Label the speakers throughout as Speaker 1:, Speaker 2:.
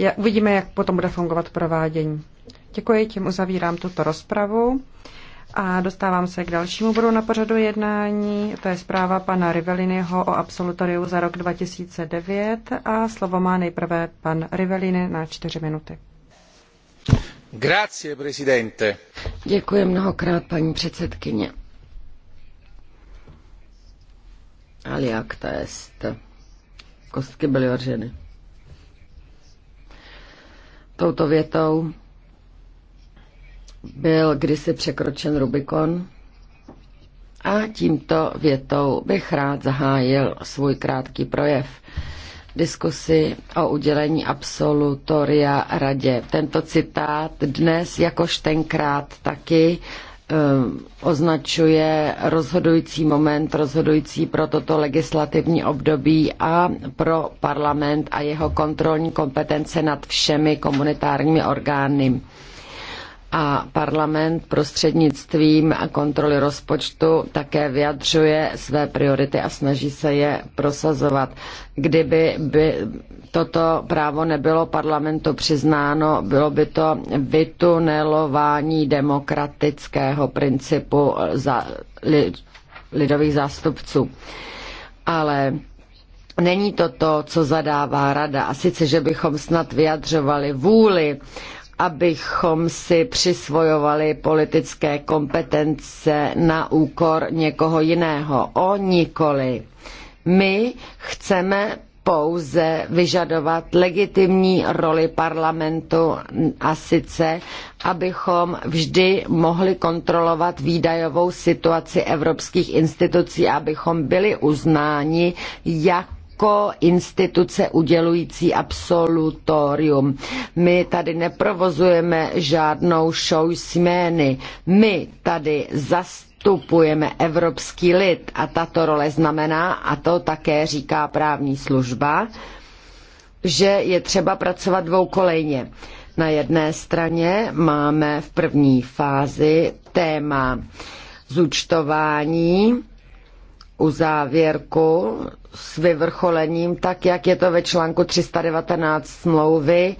Speaker 1: Je, uvidíme, jak potom bude fungovat provádění. Děkuji, tím uzavírám tuto rozpravu. A dostávám se k dalšímu bodu na pořadu jednání. To je zpráva pana Riveliniho o absolutoriu za rok 2009 a slovo má nejprve pan Rivelini na čtyři minuty.
Speaker 2: Grazie, presidente.
Speaker 3: Děkuji mnohokrát, paní předsedkyně. to jest? Kostky byly orženy touto větou byl kdysi překročen Rubikon a tímto větou bych rád zahájil svůj krátký projev diskusy o udělení absolutoria radě. Tento citát dnes jakož tenkrát taky Eh, označuje rozhodující moment, rozhodující pro toto legislativní období a pro parlament a jeho kontrolní kompetence nad všemi komunitárními orgány a parlament prostřednictvím kontroly rozpočtu také vyjadřuje své priority a snaží se je prosazovat. Kdyby by toto právo nebylo parlamentu přiznáno, bylo by to vytunelování demokratického principu za lidových zástupců. Ale není to to, co zadává rada. A sice, že bychom snad vyjadřovali vůli abychom si přisvojovali politické kompetence na úkor někoho jiného. O nikoli. My chceme pouze vyžadovat legitimní roli parlamentu a sice, abychom vždy mohli kontrolovat výdajovou situaci evropských institucí, abychom byli uznáni jako jako instituce udělující absolutorium. My tady neprovozujeme žádnou show směny. My tady zastupujeme zastupujeme evropský lid a tato role znamená, a to také říká právní služba, že je třeba pracovat dvoukolejně. Na jedné straně máme v první fázi téma zúčtování uzávěrku s vyvrcholením, tak jak je to ve článku 319 smlouvy,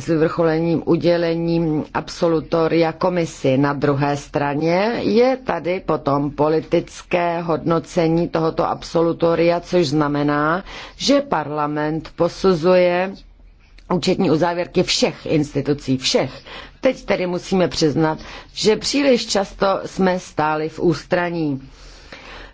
Speaker 3: s vyvrcholením udělením absolutoria komisi. Na druhé straně je tady potom politické hodnocení tohoto absolutoria, což znamená, že parlament posuzuje účetní uzávěrky všech institucí, všech. Teď tedy musíme přiznat, že příliš často jsme stáli v ústraní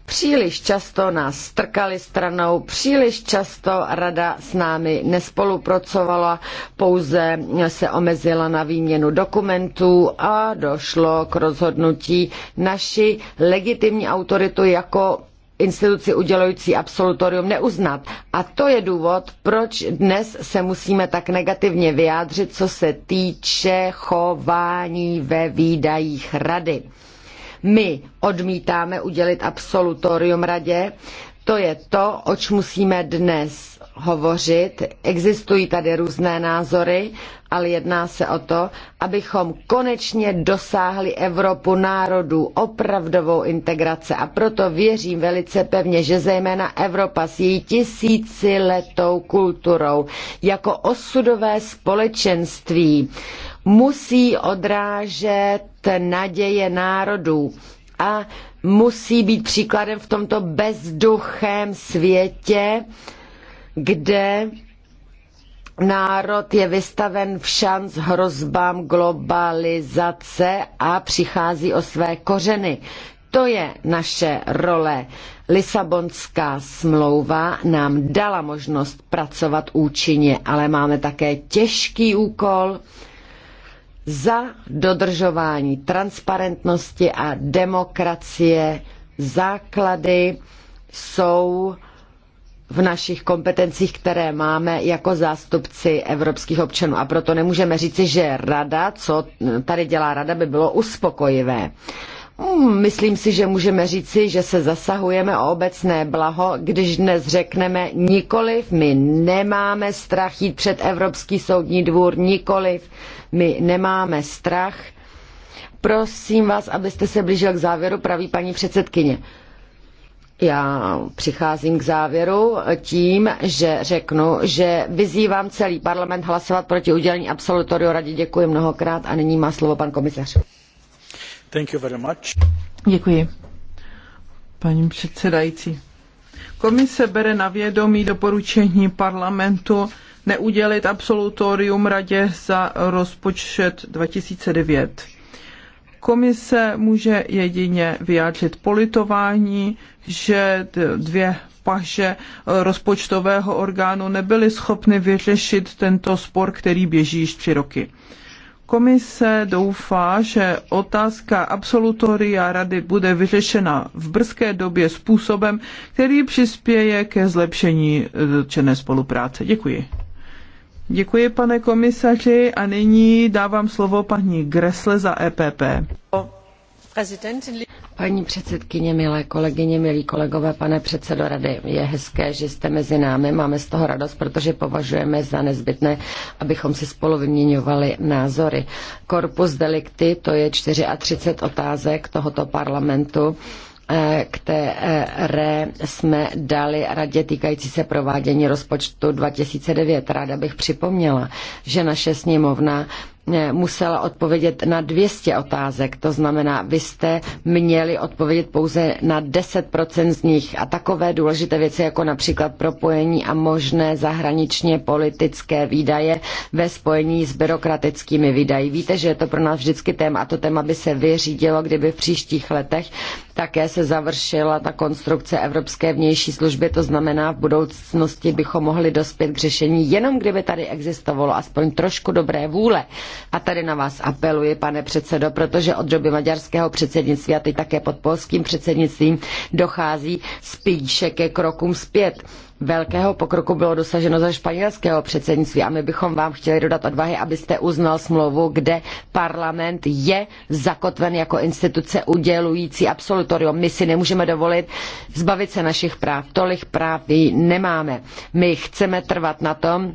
Speaker 3: Příliš často nás strkali stranou, příliš často rada s námi nespolupracovala, pouze se omezila na výměnu dokumentů a došlo k rozhodnutí naši legitimní autoritu jako instituci udělující absolutorium neuznat. A to je důvod, proč dnes se musíme tak negativně vyjádřit, co se týče chování ve výdajích rady my odmítáme udělit absolutorium radě, to je to, oč musíme dnes hovořit. Existují tady různé názory, ale jedná se o to, abychom konečně dosáhli Evropu národů, opravdovou integrace. A proto věřím velice pevně, že zejména Evropa s její tisíciletou kulturou jako osudové společenství musí odrážet naděje národů a musí být příkladem v tomto bezduchém světě, kde národ je vystaven v šanc hrozbám globalizace a přichází o své kořeny. To je naše role. Lisabonská smlouva nám dala možnost pracovat účinně, ale máme také těžký úkol, za dodržování transparentnosti a demokracie. Základy jsou v našich kompetencích, které máme jako zástupci evropských občanů. A proto nemůžeme říci, že rada, co tady dělá rada, by bylo uspokojivé. Uh, Hmm, myslím si, že můžeme říci, že se zasahujeme o obecné blaho, když dnes řekneme nikoliv, my nemáme strach jít před Evropský soudní dvůr, nikoliv, my nemáme strach. Prosím vás, abyste se blížil k závěru, praví paní předsedkyně. Já přicházím k závěru tím, že řeknu, že vyzývám celý parlament hlasovat proti udělení absolutoriu radě. Děkuji mnohokrát a nyní má slovo pan komisař. Děkuji. Paní předsedající.
Speaker 2: Komise bere na vědomí doporučení parlamentu neudělit absolutorium radě za rozpočet 2009. Komise může jedině vyjádřit politování, že dvě paže rozpočtového orgánu nebyly schopny vyřešit tento spor, který běží již tři roky. Komise doufá, že otázka absolutoria rady bude vyřešena v brzké době způsobem, který přispěje ke zlepšení e, dotčené spolupráce. Děkuji. Děkuji, pane komisaři, a nyní dávám slovo paní Gresle za EPP.
Speaker 3: Paní předsedkyně, milé kolegyně, milí kolegové, pane předsedo rady, je hezké, že jste mezi námi, máme z toho radost, protože považujeme za nezbytné, abychom si spolu vyměňovali názory. Korpus delikty, to je 34 otázek tohoto parlamentu eh, které jsme dali radě týkající se provádění rozpočtu 2009. Ráda bych připomněla, že naše sněmovna Eh, musela odpovědět na 200 otázek. To znamená, vy jste měli odpovědět pouze na 10% z nich. A takové důležité věci, jako například propojení a možné zahraničně politické výdaje ve spojení s byrokratickými výdaji. Víte, že je to pro nás vždycky téma a to téma by se vyřídilo, kdyby v příštích letech také se završila ta konstrukce Evropské vnější služby, to znamená, v budoucnosti bychom mohli dospět k řešení, jenom kdyby tady existovalo aspoň trošku dobré vůle a tady na vás apeluji, pane předsedo, protože od doby maďarského předsednictví a teď také pod polským předsednictvím dochází spíše ke krokům zpět. Velkého pokroku bylo dosaženo za španělského předsednictví a my bychom vám chtěli dodat odvahy, abyste uznal smlouvu, kde parlament je zakotven jako instituce udělující absolutorium. My si nemůžeme dovolit zbavit se našich práv. Tolik práv nemáme. My chceme trvat na tom,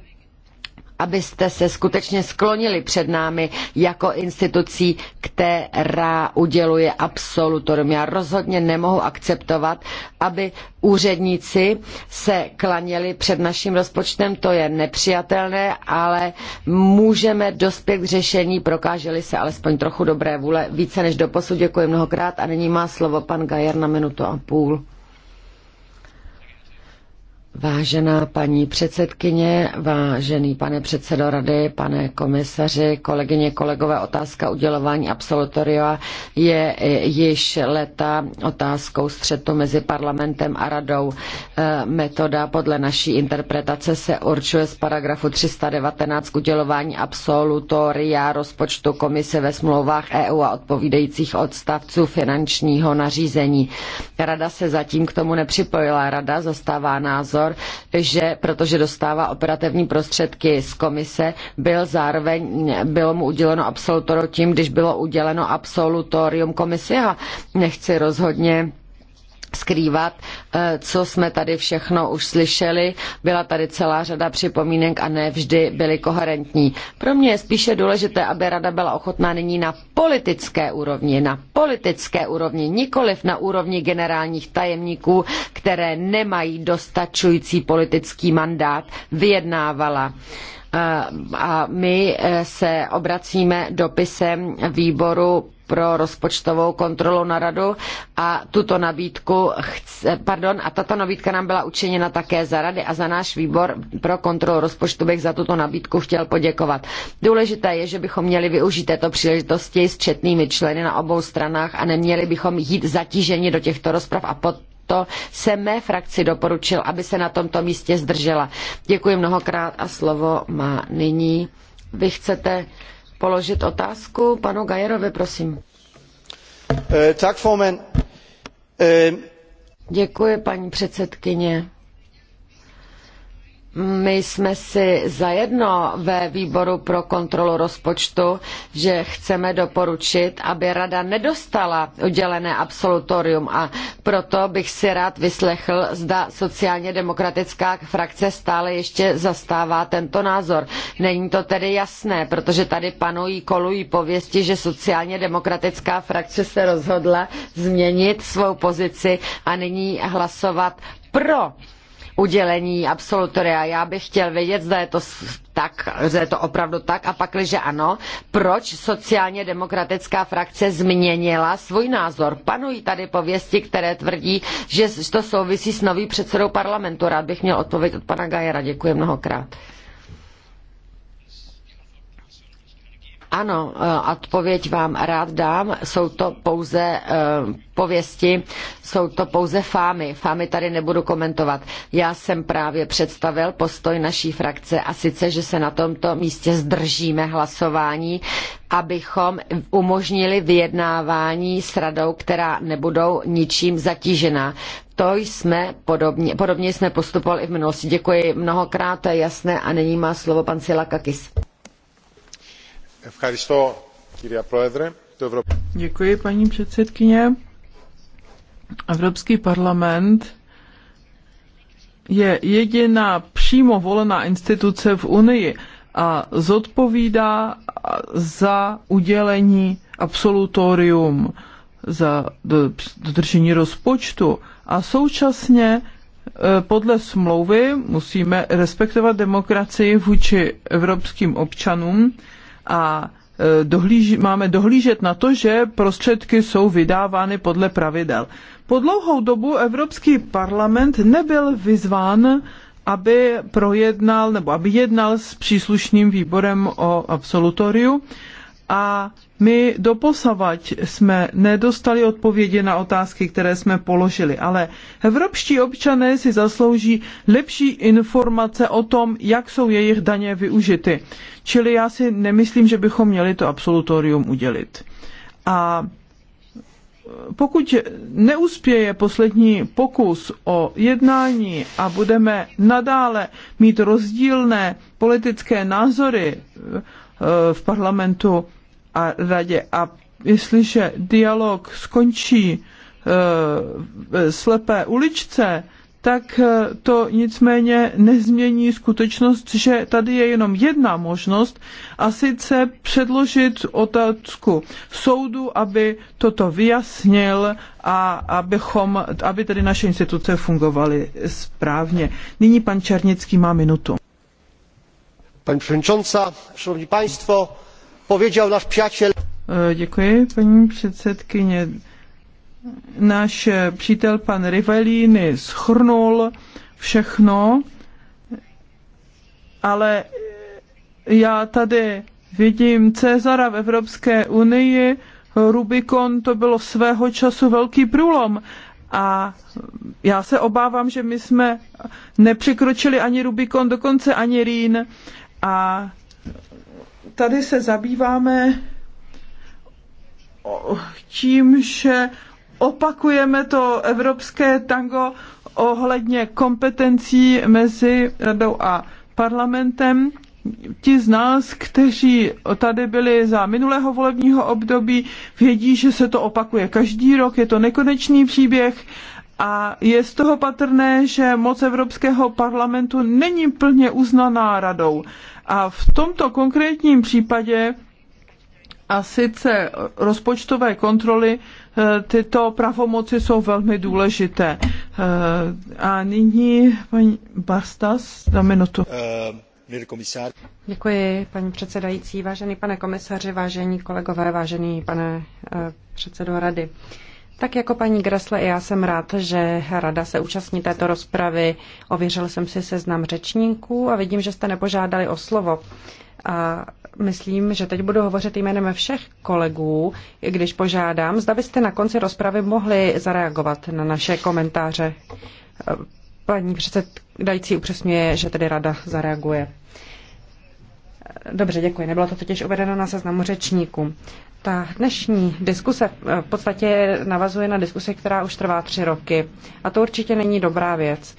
Speaker 3: abyste se skutečně sklonili před námi jako institucí, která uděluje absolutorium. Já rozhodně nemohu akceptovat, aby úředníci se klaněli před naším rozpočtem, to je nepřijatelné, ale můžeme dospět k řešení, prokáželi se alespoň trochu dobré vůle, více než doposud. Děkuji mnohokrát a nyní má slovo pan Gajer na minutu a půl. Vážená paní předsedkyně, vážený pane předsedo rady, pane komisaři, kolegyně, kolegové, otázka udělování absolutoria je již leta otázkou střetu mezi parlamentem a radou. E, metoda podle naší interpretace se určuje z paragrafu 319 k udělování absolutoria rozpočtu komise ve smlouvách EU a odpovídajících odstavců finančního nařízení. Rada se zatím k tomu nepřipojila. Rada zastává názor, prostor, že protože dostává operativní prostředky z komise, byl zároveň, bylo mu uděleno absolutorium tím, když bylo uděleno absolutorium komisi a nechci rozhodně skrývat, eh, co jsme tady všechno už slyšeli. Byla tady celá řada připomínek a ne vždy byly koherentní. Pro mě je spíše důležité, aby rada byla ochotná nyní na politické úrovni, na politické úrovni, nikoliv na úrovni generálních tajemníků, které nemají dostačující politický mandát, vyjednávala eh, a my eh, se obracíme dopisem výboru pro rozpočtovou kontrolu na radu a tuto nabídku chce, pardon, a tato nabídka nám byla učiněna také za rady a za náš výbor pro kontrolu rozpočtu bych za tuto nabídku chtěl poděkovat. Důležité je, že bychom měli využít této příležitosti s četnými členy na obou stranách a neměli bychom jít zatíženi do těchto rozprav a pod to se mé frakci doporučil, aby se na tomto místě zdržela. Děkuji mnohokrát a slovo má nyní. Vy chcete položit otázku panu Gajerovi, prosím. Eh, tak, eh, Děkuji, paní předsedkyně my jsme si zajedno ve výboru pro kontrolu rozpočtu, že chceme doporučit, aby rada nedostala udělené absolutorium a proto bych si rád vyslechl, zda sociálně demokratická frakce stále ještě zastává tento názor. Není to tedy jasné, protože tady panují kolují pověsti, že sociálně demokratická frakce se rozhodla změnit svou pozici a nyní hlasovat pro udělení absolutoria. Já bych chtěl vědět, zda je to tak, zda je to opravdu tak a pak, že ano, proč sociálně demokratická frakce změnila svůj názor. Panují tady pověsti, které tvrdí, že to souvisí s novým předsedou parlamentu. Rád bych měl odpověď od pana Gajera. Děkuji mnohokrát. Ano, e, odpověď vám rád dám. Jsou to pouze e, pověsti, jsou to pouze fámy. Fámy tady nebudu komentovat. Já jsem právě představil postoj naší frakce a sice, že se na tomto místě zdržíme hlasování, abychom umožnili vyjednávání s radou, která nebudou ničím zatížena. To jsme podobně, podobně jsme postupovali i v minulosti. Děkuji mnohokrát, to je jasné a nyní má slovo pan Silakakis.
Speaker 2: Děkuji, paní předsedkyně. Evropský parlament je jediná přímo volená instituce v Unii a zodpovídá za udělení absolutorium, za dodržení rozpočtu a současně eh, podle smlouvy musíme respektovat demokracii vůči evropským občanům a e, dohlíži, máme dohlížet na to, že prostředky jsou vydávány podle pravidel. Po dlouhou dobu Evropský parlament nebyl vyzván aby projednal nebo aby jednal s příslušným výborem o absolutoriu a my doposavať jsme nedostali odpovědi na otázky, které jsme položili, ale evropští občané si zaslouží lepší informace o tom, jak jsou jejich daně využity. Čili já si nemyslím, že bychom měli to absolutorium udělit. A pokud neuspěje poslední pokus o jednání a budeme nadále mít rozdílné politické názory eh, v parlamentu a radě a jestliže dialog skončí eh, v slepé uličce, tak eh, to nicméně nezmění skutečnost, že tady je jenom jedna možnost a sice předložit otázku soudu, aby toto vyjasnil a abychom, aby tedy naše instituce fungovaly správně. Nyní pan Černický má minutu.
Speaker 1: Pani przewodnicząca, szanowni państwo, powiedział nasz przyjaciel.
Speaker 2: Eh, děkuji, Pani předsedkyně náš přítel pan Rivellini schrnul všechno, ale já tady vidím Cezara v Evropské unii, Rubikon to bylo svého času velký průlom. A já se obávám, že my jsme nepřekročili ani Rubikon, dokonce ani Rýn. A tady se zabýváme tím, že opakujeme to evropské tango ohledně kompetencí mezi radou a parlamentem. Ti z nás, kteří tady byli za minulého volebního období, vědí, že se to opakuje každý rok, je to nekonečný příběh a je z toho patrné, že moc Evropského parlamentu není plně uznaná radou. A v tomto konkrétním případě a sice rozpočtové kontroly Eh, tyto pravomoci jsou velmi důležité. Eh, a nyní paní Bastas na minutu. Eh, Děkuji,
Speaker 1: paní předsedající, vážený pane komisaři, vážení kolegové, vážený pane předsedo rady. Tak jako paní Grasle, já jsem rád, že rada se účastní této rozpravy. Ověřil jsem si seznam řečníků a vidím, že jste nepožádali o slovo. A myslím, že teď budu hovořit jménem všech kolegů, když požádám, zda byste na konci rozpravy mohli zareagovat na naše komentáře. Paní předsedající upřesňuje, že tedy rada zareaguje. Dobře, děkuji. Nebylo to totiž uvedeno na seznamu řečníků. Ta dnešní diskuse v podstatě navazuje na diskuse, která už trvá tři roky. A to určitě není dobrá věc.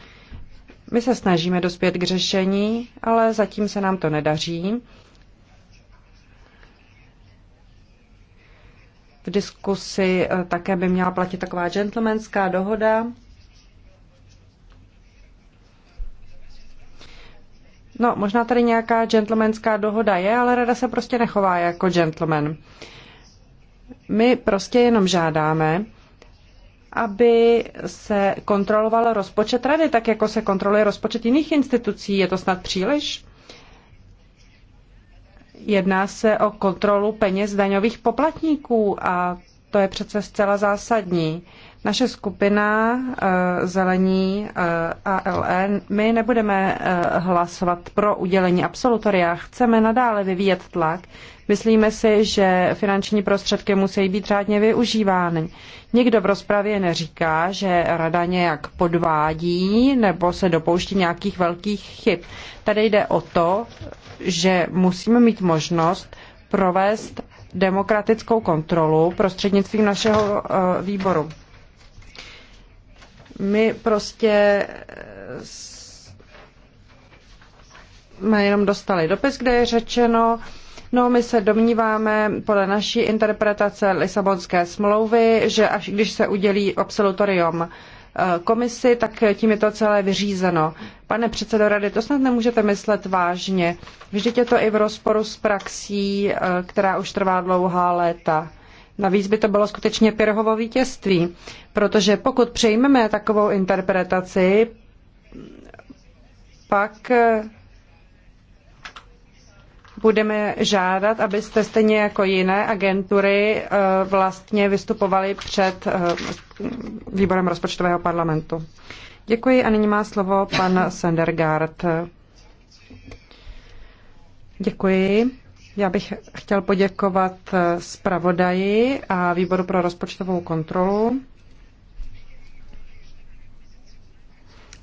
Speaker 1: My se snažíme dospět k řešení, ale zatím se nám to nedaří. v diskusi eh, také by měla platit taková gentlemanská dohoda. No, možná tady nějaká gentlemanská dohoda je, ale rada se prostě nechová jako gentleman. My prostě jenom žádáme, aby se kontroloval rozpočet rady, tak jako se kontroluje rozpočet jiných institucí. Je to snad příliš? Jedná se o kontrolu peněz daňových poplatníků a to je přece zcela zásadní. Naše skupina eh, Zelení eh, ALN, e, my nebudeme eh, hlasovat pro udělení absolutoria. Chceme nadále vyvíjet tlak. Myslíme si, že finanční prostředky musí být řádně využívány. Nikdo v rozpravě neříká, že rada nějak podvádí nebo se dopouští nějakých velkých chyb. Tady jde o to, že musíme mít možnost provést demokratickou kontrolu prostřednictvím našeho eh, výboru. My prostě eh, jsme jenom dostali dopis, kde je řečeno, No, my se domníváme podle naší interpretace Lisabonské smlouvy, že až když se udělí absolutorium Eh, komisi, tak tím je to celé vyřízeno. Pane předsedo rady, to snad nemůžete myslet vážně. Vždyť je to i v rozporu s praxí, eh, která už trvá dlouhá léta. Navíc by to bylo skutečně Pirhovo vítězství, protože pokud přejmeme takovou interpretaci, pak eh, budeme žádat, abyste stejně jako jiné agentury eh, vlastně vystupovali před eh, výborem rozpočtového parlamentu. Děkuji a nyní má slovo pan Sendergaard. Děkuji. Já bych chtěl poděkovat eh, zpravodaji a výboru pro rozpočtovou kontrolu.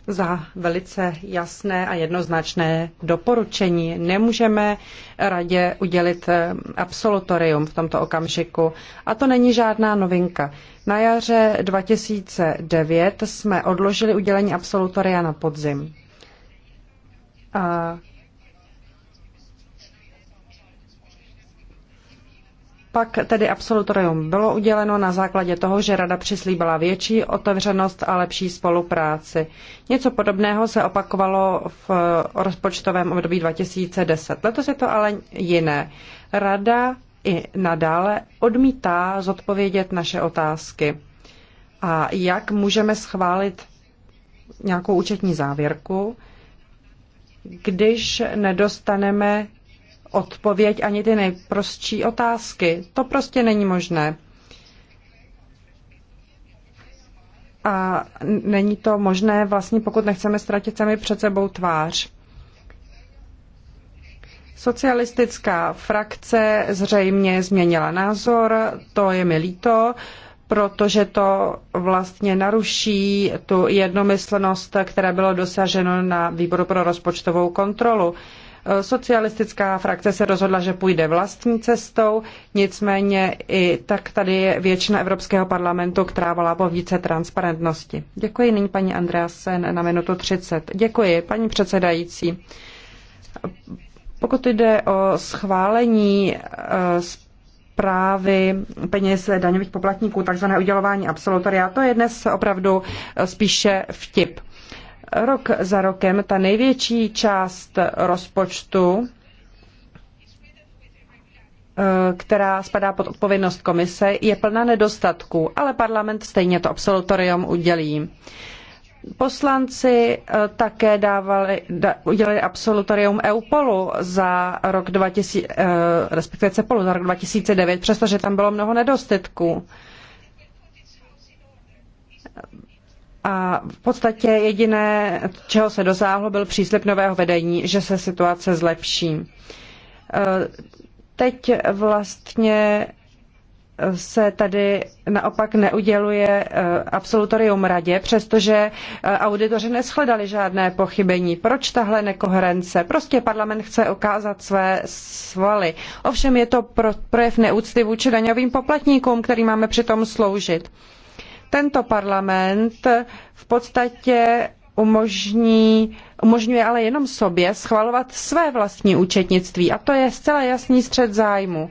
Speaker 1: za velice jasné a jednoznačné doporučení. Nemůžeme radě udělit eh, absolutorium v tomto okamžiku. A to není žádná novinka. Na jaře 2009 jsme odložili udělení absolutoria na podzim. A Pak tedy absolutorium bylo uděleno na základě toho, že rada přislíbila větší otevřenost a lepší spolupráci. Něco podobného se opakovalo v rozpočtovém období 2010. Letos je to ale jiné. Rada i nadále odmítá zodpovědět naše otázky. A jak můžeme schválit nějakou účetní závěrku, když nedostaneme odpověď ani ty nejprostší otázky. To prostě není možné. A není to možné vlastně, pokud nechceme ztratit sami před sebou tvář. Socialistická frakce zřejmě změnila názor, to je mi líto, protože to vlastně naruší tu jednomyslnost, které bylo dosaženo na výboru pro rozpočtovou kontrolu. Socialistická frakce se rozhodla, že půjde vlastní cestou, nicméně i tak tady je většina Evropského parlamentu, která volá po více transparentnosti. Děkuji nyní paní Andreasen na minutu 30. Děkuji, paní předsedající. Pokud jde o schválení eh, zprávy peněz daňových poplatníků, takzvané udělování absolutoria. To je dnes opravdu eh, spíše vtip rok za rokem ta největší část rozpočtu, eh, která spadá pod odpovědnost komise, je plná nedostatků, ale parlament stejně to absolutorium udělí. Poslanci eh, také dávali, da, udělali absolutorium EUPOLu za rok 2000, eh, respektive CEPOLu za rok 2009, přestože tam bylo mnoho nedostatků a v podstatě jediné, čeho se dosáhlo, byl příslip nového vedení, že se situace zlepší. E, teď vlastně se tady naopak neuděluje e, absolutorium radě, přestože e, auditoři neschledali žádné pochybení. Proč tahle nekoherence? Prostě parlament chce ukázat své svaly. Ovšem je to projev neúcty vůči daňovým poplatníkům, který máme přitom sloužit. Tento parlament v podstatě umožní umožňuje ale jenom sobě schvalovat své vlastní účetnictví a to je zcela jasný střed zájmu.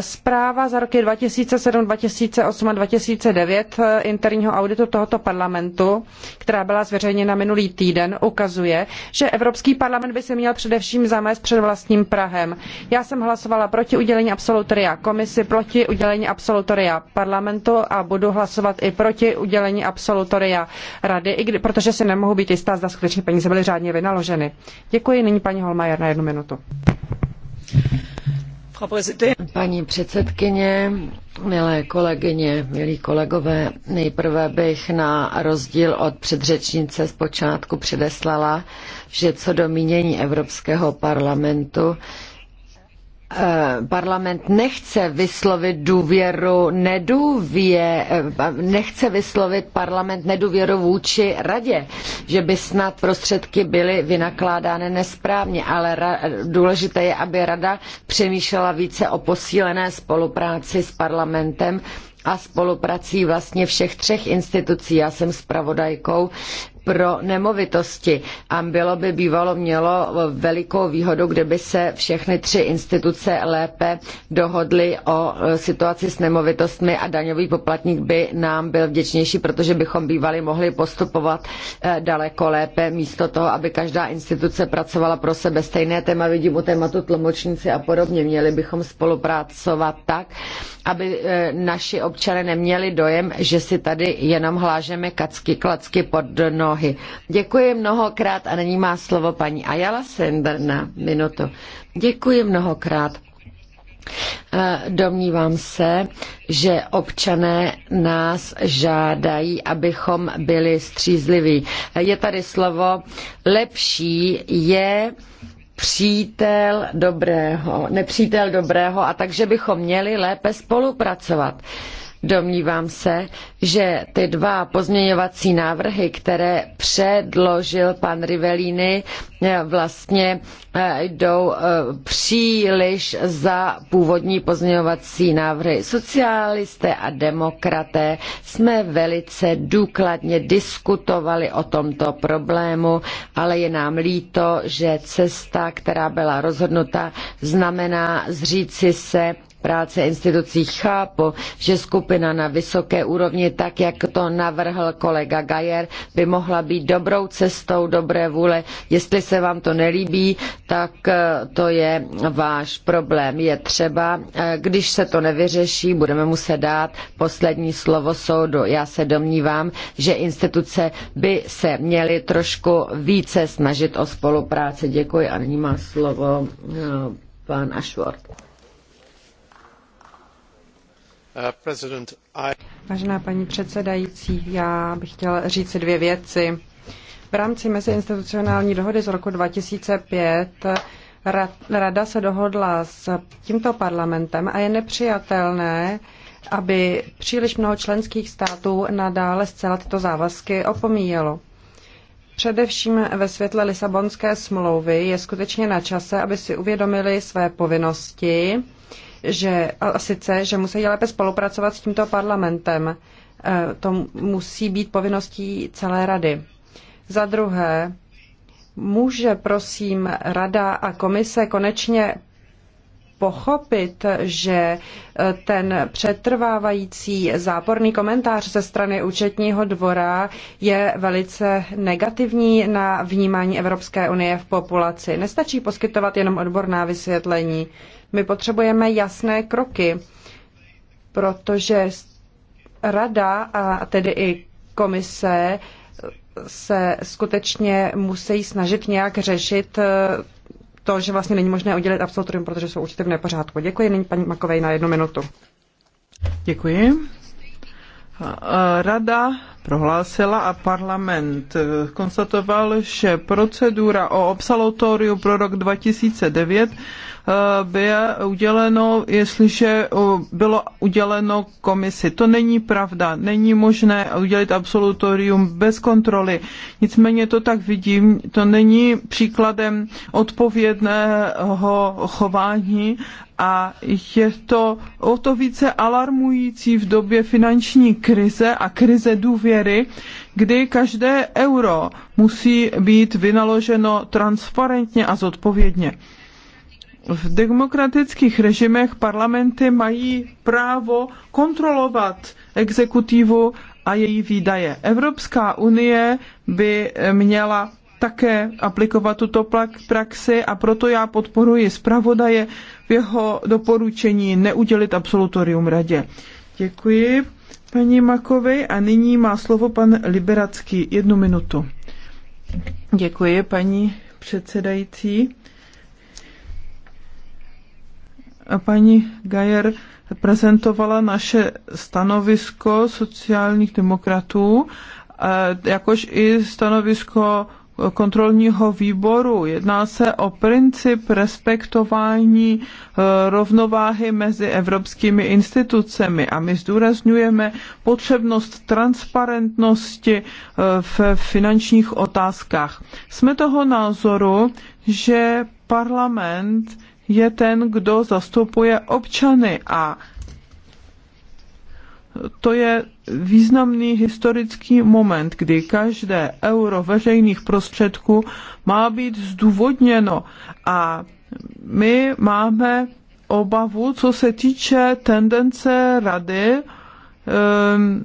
Speaker 1: Zpráva za roky 2007, 2008 a 2009 interního auditu tohoto parlamentu, která byla zveřejněna minulý týden, ukazuje, že Evropský parlament by se měl především zamést před vlastním Prahem. Já jsem hlasovala proti udělení absolutoria komisi, proti udělení absolutoria parlamentu a budu hlasovat i proti udělení absolutoria rady, protože si nemohu být jistá, zda skutečně peníze byly řádně správně vynaloženy. Děkuji nyní paní Holmajer na jednu minutu.
Speaker 3: Paní předsedkyně, milé kolegyně, milí kolegové, nejprve bych na rozdíl od předřečnice zpočátku předeslala, že co do mínění Evropského parlamentu Eh, parlament nechce vyslovit důvěru, nedůvě, eh, nechce vyslovit parlament nedůvěru vůči radě, že by snad prostředky byly vynakládány nesprávně, ale ra, důležité je, aby rada přemýšlela více o posílené spolupráci s parlamentem a spoluprací vlastně všech třech institucí. Já jsem zpravodajkou pro nemovitosti a bylo by bývalo mělo velikou výhodu, kdyby se všechny tři instituce lépe dohodly o e, situaci s nemovitostmi a daňový poplatník by nám byl vděčnější, protože bychom bývali mohli postupovat e, daleko lépe místo toho, aby každá instituce pracovala pro sebe stejné téma, vidím u tématu tlumočníci a podobně. Měli bychom spolupracovat tak, aby e, naši občané neměli dojem, že si tady jenom hlážeme kacky klacky pod nohy úlohy. Děkuji mnohokrát a není má slovo paní Ayala Sender na minutu. Děkuji mnohokrát. Eh, domnívám se, že občané nás žádají, abychom byli střízliví. Je tady slovo lepší je přítel dobrého, nepřítel dobrého a takže bychom měli lépe spolupracovat. Uh, Domnívám se, že ty dva pozměňovací návrhy, které předložil pan Rivellini, eh, vlastně eh, jdou eh, příliš za původní pozměňovací návrhy. Socialisté a demokraté jsme velice důkladně diskutovali o tomto problému, ale je nám líto, že cesta, která byla rozhodnuta, znamená zříci se práce institucí. Chápu, že skupina na vysoké úrovni, tak jak to navrhl kolega Gajer, by mohla být dobrou cestou dobré vůle. Jestli se vám to nelíbí, tak eh, to je váš problém. Je třeba, eh, když se to nevyřeší, budeme muset dát poslední slovo soudu. Já se domnívám, že instituce by se měly trošku více snažit o spolupráci. Děkuji a nyní má slovo eh, pan Ashworth.
Speaker 1: Vážená paní předsedající, já bych chtěla říct dvě věci. V rámci meziinstitucionální dohody z roku 2005 Rada se dohodla s tímto parlamentem a je nepřijatelné, aby příliš mnoho členských států nadále zcela tyto závazky opomíjelo. Především ve světle Lisabonské smlouvy je skutečně na čase, aby si uvědomili své povinnosti že, a sice, že musí lépe spolupracovat s tímto parlamentem. E, to musí být povinností celé rady. Za druhé, může prosím rada a komise konečně pochopit, že e, ten přetrvávající záporný komentář ze strany účetního dvora je velice negativní na vnímání Evropské unie v populaci. Nestačí poskytovat jenom odborná vysvětlení. My potřebujeme jasné kroky, protože rada a tedy i komise se skutečně musí snažit nějak řešit eh, to, že vlastně není možné oddělit absolutorium, protože jsou určitě v nepořádku. Děkuji, nyní paní Makovej na jednu minutu.
Speaker 2: Děkuji. Eh, rada prohlásila a parlament eh, konstatoval, že procedura o absolutoriu pro rok 2009 Eh, bylo uděleno, jestliže eh, bylo uděleno komisi. To není pravda. Není možné udělit absolutorium bez kontroly. Nicméně to tak vidím. To není příkladem odpovědného chování a je to o to více alarmující v době finanční krize a krize důvěry, kdy každé euro musí být vynaloženo transparentně a zodpovědně v demokratických režimech parlamenty mají právo kontrolovat exekutivu a její výdaje. Evropská unie by měla také aplikovat tuto praxi a proto já podporuji zpravodaje v jeho doporučení neudělit absolutorium radě. Děkuji paní Makovi a nyní má slovo pan Liberacký. Jednu minutu. Děkuji paní předsedající paní Gajer prezentovala naše stanovisko sociálních demokratů, eh, jakož i stanovisko kontrolního výboru. Jedná se o princip respektování eh, rovnováhy mezi evropskými institucemi a my zdůrazňujeme potřebnost transparentnosti eh, v finančních otázkách. Jsme toho názoru, že parlament je ten, kdo zastupuje občany a to je významný historický moment, kdy každé euro veřejných prostředků má být zdůvodněno a my máme obavu, co se týče tendence rady um,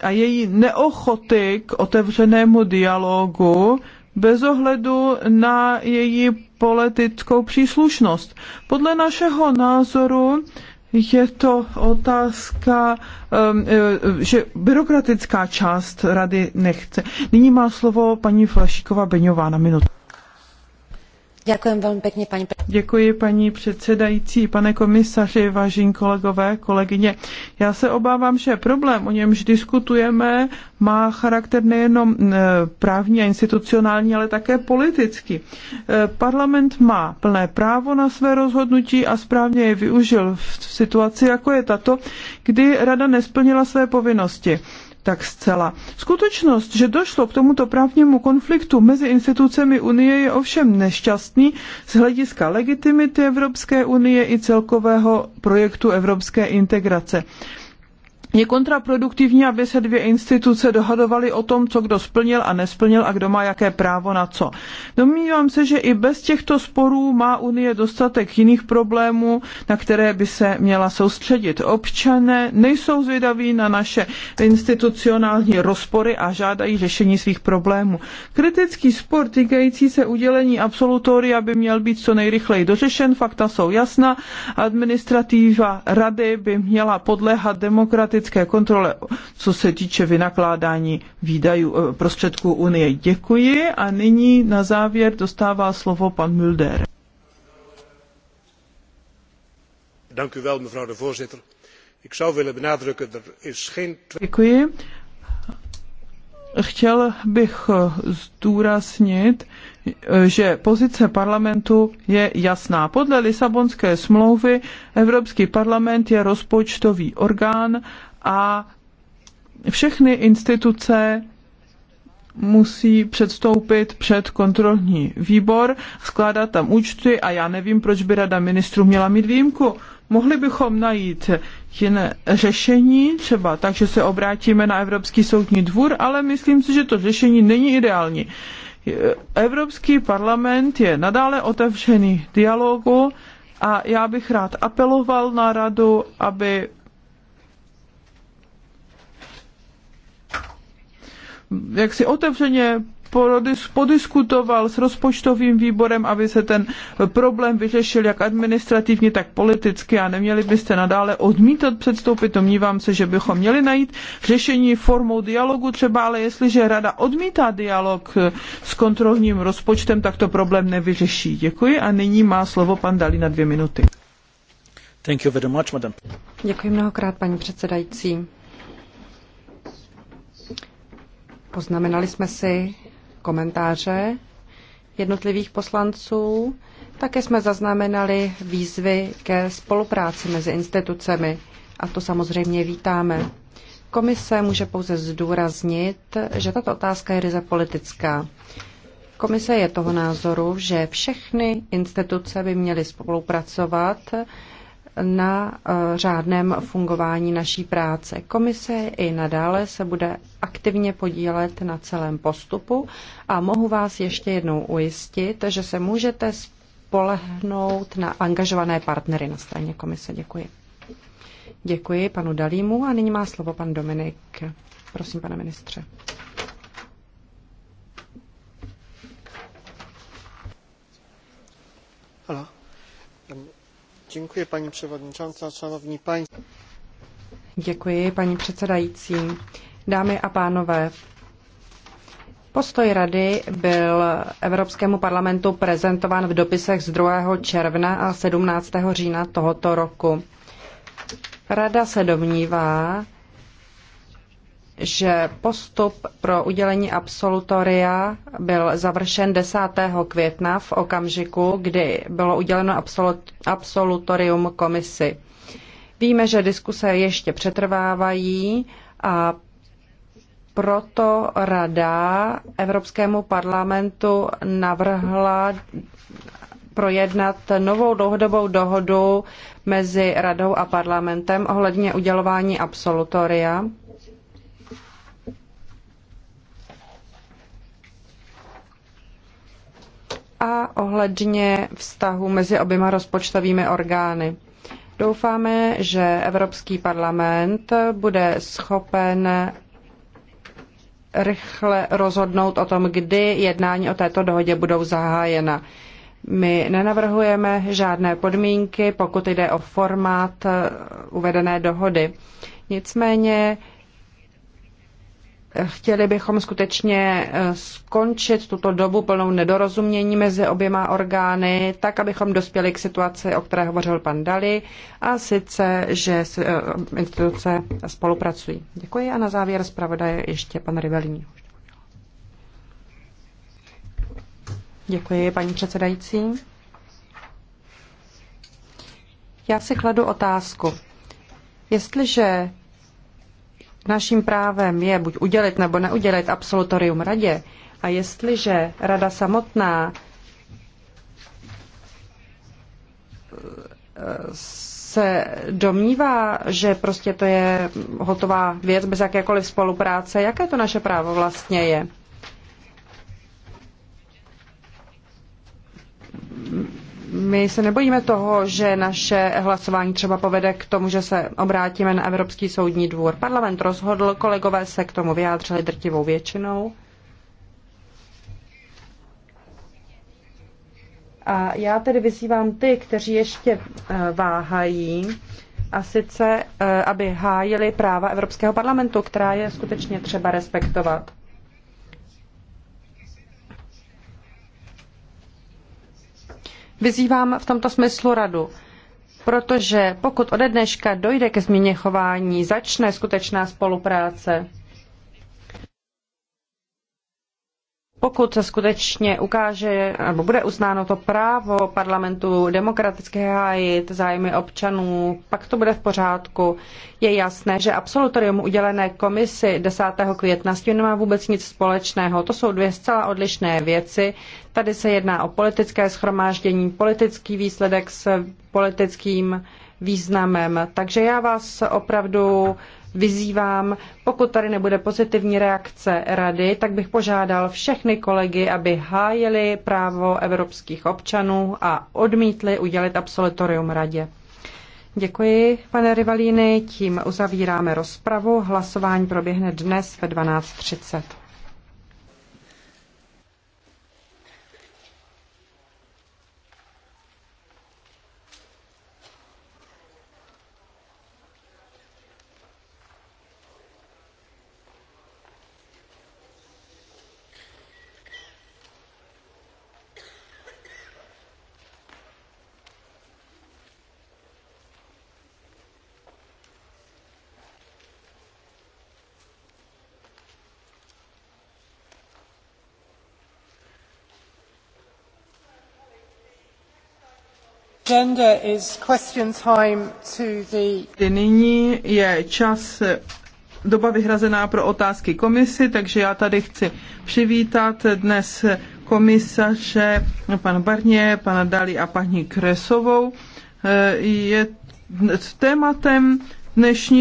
Speaker 2: a její neochoty k otevřenému dialogu bez ohledu na její politickou příslušnost. Podle našeho názoru je to otázka, um, e, že byrokratická část rady nechce. Nyní má slovo paní Flašíková Beňová na minutu. Děkuji velmi pěkně, paní Děkuji, paní předsedající, pane komisaři, vážení kolegové, kolegyně. Já se obávám, že problém, o němž diskutujeme, má charakter nejenom e, právní a institucionální, ale také politický. E, parlament má plné právo na své rozhodnutí a správně je využil v situaci, jako je tato, kdy rada nesplnila své povinnosti tak zcela. Skutečnost, že došlo k tomuto právnímu konfliktu mezi institucemi Unie je ovšem nešťastný z hlediska legitimity Evropské unie i celkového projektu evropské integrace je kontraproduktivní, aby se dvě instituce dohadovaly o tom, co kdo splnil a nesplnil a kdo má jaké právo na co. Domnívám se, že i bez těchto sporů má Unie dostatek jiných problémů, na které by se měla soustředit. Občané nejsou zvědaví na naše institucionální rozpory a žádají řešení svých problémů. Kritický spor týkající se udělení absolutoria by měl být co nejrychleji dořešen, fakta jsou jasná, administrativa rady by měla podléhat demokratické demokratické kontrole, co se týče vynakládání výdajů eh, prostředků Unie. Děkuji a nyní na závěr dostává slovo pan Mulder. Er Děkuji. Chtěl bych eh, zdůraznit, eh, že pozice parlamentu je jasná. Podle Lisabonské smlouvy Evropský parlament je rozpočtový orgán a všechny instituce musí předstoupit před kontrolní výbor, skládat tam účty a já nevím, proč by Rada ministrů měla mít výjimku. Mohli bychom najít jiné řešení, třeba tak, že se obrátíme na Evropský soudní dvůr, ale myslím si, že to řešení není ideální. Evropský parlament je nadále otevřený dialogu a já bych rád apeloval na radu, aby Jak si otevřeně podiskutoval s rozpočtovým výborem, aby se ten problém vyřešil jak administrativně, tak politicky a neměli byste nadále odmítat předstoupit. Domnívám se, že bychom měli najít řešení formou dialogu třeba, ale jestliže rada odmítá dialog s kontrolním rozpočtem, tak to problém nevyřeší. Děkuji a nyní má slovo pan Dalí na dvě minuty. Thank you very much, madam.
Speaker 1: Děkuji mnohokrát, paní předsedající. Poznamenali jsme si komentáře jednotlivých poslanců. Také jsme zaznamenali výzvy ke spolupráci mezi institucemi a to samozřejmě vítáme. Komise může pouze zdůraznit, že tato otázka je ryze politická. Komise je toho názoru, že všechny instituce by měly spolupracovat na eh, řádném fungování naší práce. Komise i nadále se bude aktivně podílet na celém postupu a mohu vás ještě jednou ujistit, že se můžete spolehnout na angažované partnery na straně komise. Děkuji. Děkuji panu Dalímu a nyní má slovo pan Dominik. Prosím, pane ministře.
Speaker 2: Hello. Děkuji, paní předsedající. Šanovní paní.
Speaker 1: Děkuji, paní předsedající. Dámy a pánové, Postoj rady byl Evropskému parlamentu prezentován v dopisech z 2. června a 17. října tohoto roku. Rada se domnívá, že postup pro udělení absolutoria byl završen 10. května v okamžiku, kdy bylo uděleno absolutorium komisi. Víme, že diskuse ještě přetrvávají a proto Rada Evropskému parlamentu navrhla projednat novou dlouhodobou dohodu mezi Radou a parlamentem ohledně udělování absolutoria a ohledně vztahu mezi oběma rozpočtovými orgány. Doufáme, že Evropský parlament bude schopen rychle rozhodnout o tom, kdy jednání o této dohodě budou zahájena. My nenavrhujeme žádné podmínky, pokud jde o formát eh, uvedené dohody. Nicméně Chtěli bychom skutečně eh, skončit tuto dobu plnou nedorozumění mezi oběma orgány, tak abychom dospěli k situaci, o které hovořil pan Dali, a sice, že eh, instituce spolupracují. Děkuji a na závěr zpravodaje ještě pan Rivelín. Děkuji, paní předsedající. Já si kladu otázku. Jestliže Naším právem je buď udělit nebo neudělit absolutorium radě. A jestliže rada samotná eh, se domnívá, že prostě to je hotová věc bez jakékoliv spolupráce, jaké to naše právo vlastně je? My se nebojíme toho, že naše hlasování třeba povede k tomu, že se obrátíme na Evropský soudní dvůr. Parlament rozhodl, kolegové se k tomu vyjádřili drtivou většinou. A já tedy vyzývám ty, kteří ještě eh, váhají, a sice, eh, aby hájili práva Evropského parlamentu, která je skutečně třeba respektovat. Vyzývám v tomto smyslu radu, protože pokud ode dneška dojde ke změně chování, začne skutečná spolupráce. pokud se skutečně ukáže nebo bude uznáno to právo parlamentu demokraticky hájit zájmy občanů, pak to bude v pořádku. Je jasné, že absolutorium udělené komisi 10. května s tím nemá vůbec nic společného. To jsou dvě zcela odlišné věci. Tady se jedná o politické schromáždění, politický výsledek s politickým významem. Takže já vás opravdu vyzývám, pokud tady nebude pozitivní reakce rady, tak bych požádal všechny kolegy, aby hájili právo evropských občanů a odmítli udělit absolutorium radě. Děkuji, pane Rivalíny. Tím uzavíráme rozpravu. Hlasování proběhne dnes ve 12.30.
Speaker 2: Nyní je čas, eh, doba vyhrazená pro otázky komisi, takže já tady chci přivítat dnes komisaře pan Barně, pana Dali a paní Kresovou. Eh, je tématem dnešní